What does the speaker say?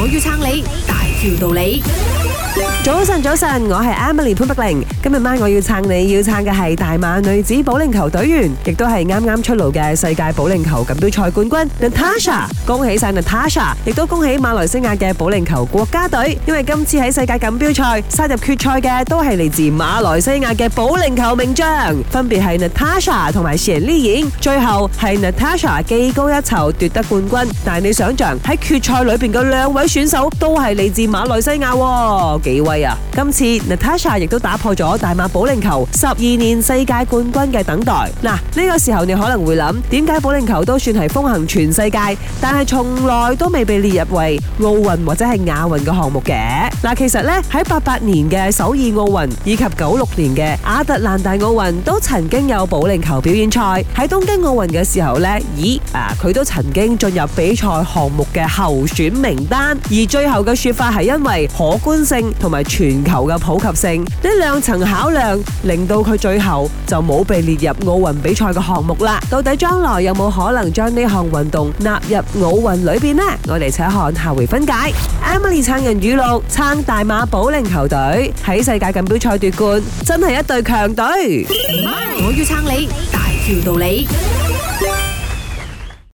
我要撐你。條道理。早晨，早晨，我係 Emily 潘德玲。今日晚我要撐你，要撐嘅係大馬女子保齡球隊員，亦都係啱啱出爐嘅世界保齡球錦標賽冠軍 Natasha。恭喜晒 Natasha，亦都恭喜馬來西亞嘅保齡球國家隊，因為今次喺世界錦標賽殺入決賽嘅都係嚟自馬來西亞嘅保齡球名將，分別係 Natasha 同埋 Shirley。最後係 Natasha 技高一籌奪得冠軍，但係你想象喺決賽裏邊嘅兩位選手都係嚟自。馬來西亞幾威啊！今次 Natasha 亦都打破咗大馬保齡球十二年世界冠軍嘅等待。嗱，呢個時候你可能會諗，點解保齡球都算係風行全世界，但係從來都未被列入為奧運或者係亞運嘅項目嘅？嗱，其實呢喺八八年嘅首爾奧運以及九六年嘅亞特蘭大奧運都曾經有保齡球表演賽。喺東京奧運嘅時候呢，咦啊，佢都曾經進入比賽項目嘅候選名單，而最後嘅說法係。係因為可觀性同埋全球嘅普及性呢兩層考量，令到佢最後就冇被列入奧運比賽嘅項目啦。到底將來有冇可能將呢項運動納入奧運裏邊呢？我哋且看下回分解。Emily 撐人語錄，撐大馬保齡球隊喺世界錦標賽奪冠，真係一隊強隊。我要撐你，大條道理。